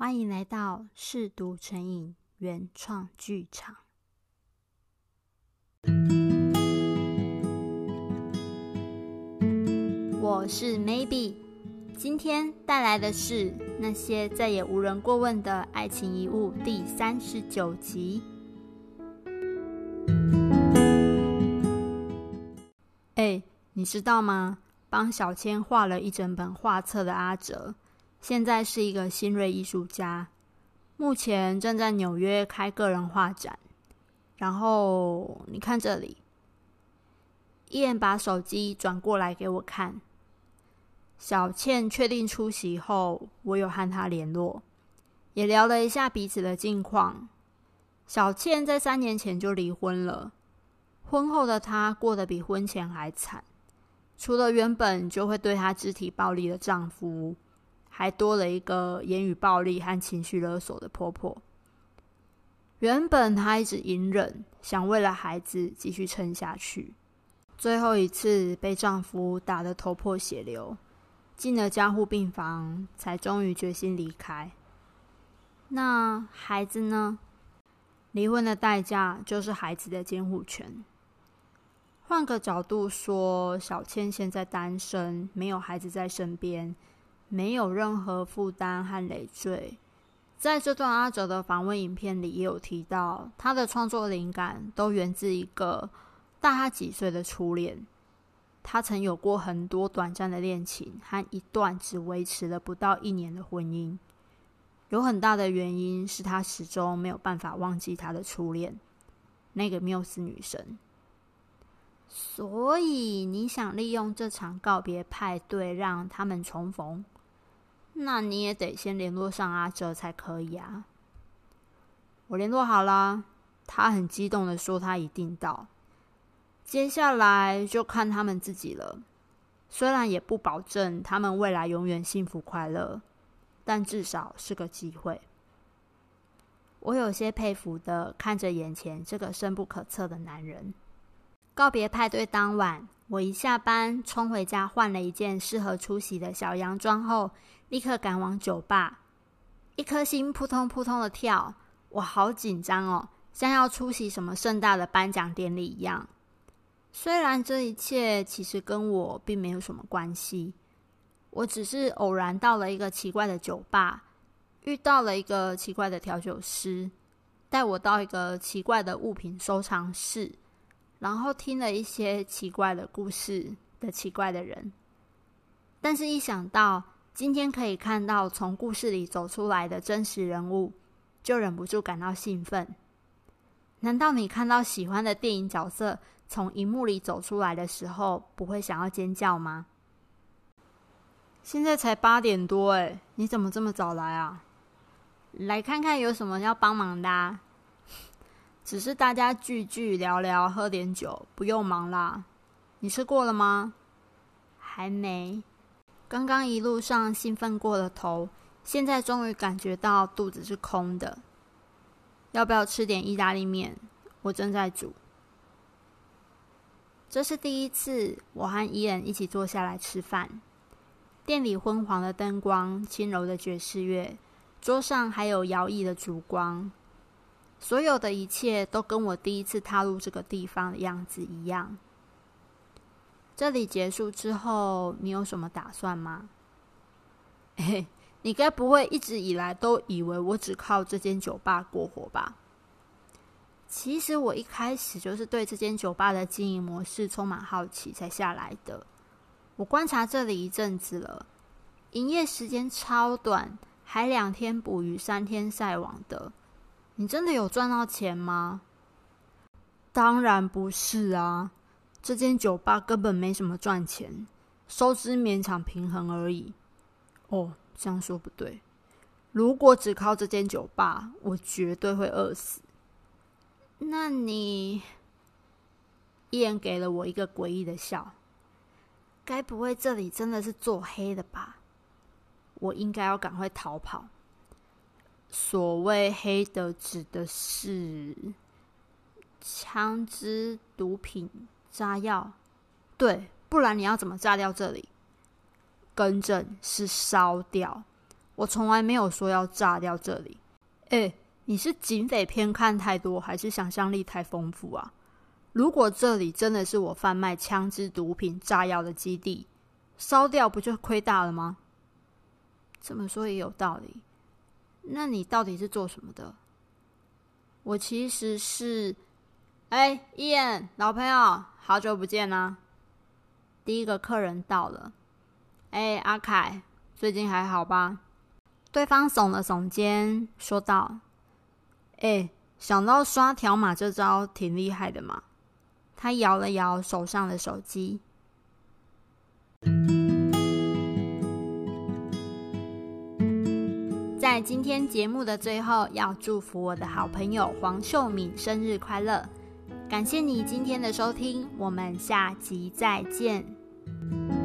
歡迎來到《嗜讀成癮》原創劇場，我是 Maybe，今天帶來的是《那些再也無人過問的愛情遺物》第三十九集。哎，你知道嗎？幫小千畫了一整本畫冊的阿哲。現在是一個新銳藝術家，目前正在紐約開個人畫展。然後你看這裡，依然把手機轉過來給我看。小倩確定出席後，我有和她聯絡，也聊了一下彼此的近況。小倩在三年前就離婚了，婚後的她過得比婚前還慘，除了原本就會對她肢體暴力的丈夫，還多了一個言語暴力和情緒勒索的婆婆。原本她一直隱忍，想為了孩子繼續撐下去。最後一次被丈夫打得頭破血流，進了加護病房，才終於決心離開。那孩子呢？離婚的代價就是孩子的監護權。換個角度說，小倩現在單身，沒有孩子在身邊。沒有任何負擔和累贅。在這段阿哲的訪問影片裡，也有提到他的創作靈感都源自一個大他幾歲的初戀。他曾有過很多短暫的戀情和一段只維持了不到一年的婚姻。有很大的原因是，他始終沒有辦法忘記他的初戀，那個繆斯女神。所以，你想利用這場告別派對讓他們重逢？那你也得先聯絡上阿哲才可以啊！我聯絡好啦，他很激動的說他一定到。接下來就看他們自己了，雖然也不保證他們未來永遠幸福快樂，但至少是個機會。我有些佩服的看着眼前這個深不可測的男人。告別派對當晚。我一下班衝回家換了一件適合出席的小洋裝後，立刻趕往酒吧，一顆心撲通撲通的跳，我好緊張哦，像要出席什麼盛大的頒獎典禮一樣。雖然這一切其實跟我並沒有什麼關係，我只是偶然到了一個奇怪的酒吧，遇到了一個奇怪的調酒師，帶我到一個奇怪的物品收藏室。然後聽了一些奇怪的故事的奇怪的人，但是一想到今天可以看到從故事裡走出來的真實人物，就忍不住感到興奮。難道你看到喜歡的電影角色從熒幕裡走出來的時候，不會想要尖叫嗎？現在才八點多，哎，你怎麼這麼早來啊？來看看有什麼要幫忙的啊。只是大家聚聚聊聊，喝點酒，不用忙啦。你吃過了嗎？還沒。剛剛一路上興奮過了頭，現在終於感覺到肚子是空的。要不要吃點意大利麵？我正在煮。這是第一次我和伊恩一起坐下來吃飯。店裡昏黃的燈光，輕柔的爵士樂，桌上還有搖曳的燭光。所有的一切都跟我第一次踏入這個地方的樣子一樣。這裡結束之後，你有什麼打算嗎？欸，你該不會一直以來都以為我只靠這間酒吧過活吧？其實我一開始就是對這間酒吧的經營模式充滿好奇才下來的。我觀察這裡一陣子了，營業時間超短，還兩天捕魚，三天曬網的。你真的有賺到錢嗎？當然不是啊，這間酒吧根本沒什麼賺錢，收支勉強平衡而已。哦，這樣說不對，如果只靠這間酒吧，我絕對會餓死。那你，依然給了我一個詭異的笑，該不會這裡真的是做黑的吧？我應該要趕快逃跑。所謂黑的指的是槍支、毒品、炸藥，對，不然你要怎麼炸掉這裡？更正是燒掉，我從來沒有說要炸掉這裡。哎、欸，你是警匪片看太多，還是想象力太豐富啊？如果這裡真的是我販賣槍支、毒品、炸藥的基地，燒掉不就虧大了嗎？這麼說也有道理。那你到底是做什麼的？我其實是……哎、欸，伊恩，老朋友，好久不見吶、啊！第一個客人到了。哎、欸，阿凱，最近還好吧？對方聳了聳肩，說道：“哎、欸，想到刷條碼這招挺厲害的嘛。”他搖了搖手上的手機。今天節目的最後，要祝福我的好朋友黃秀敏生日快樂！感謝你今天的收聽，我們下集再見。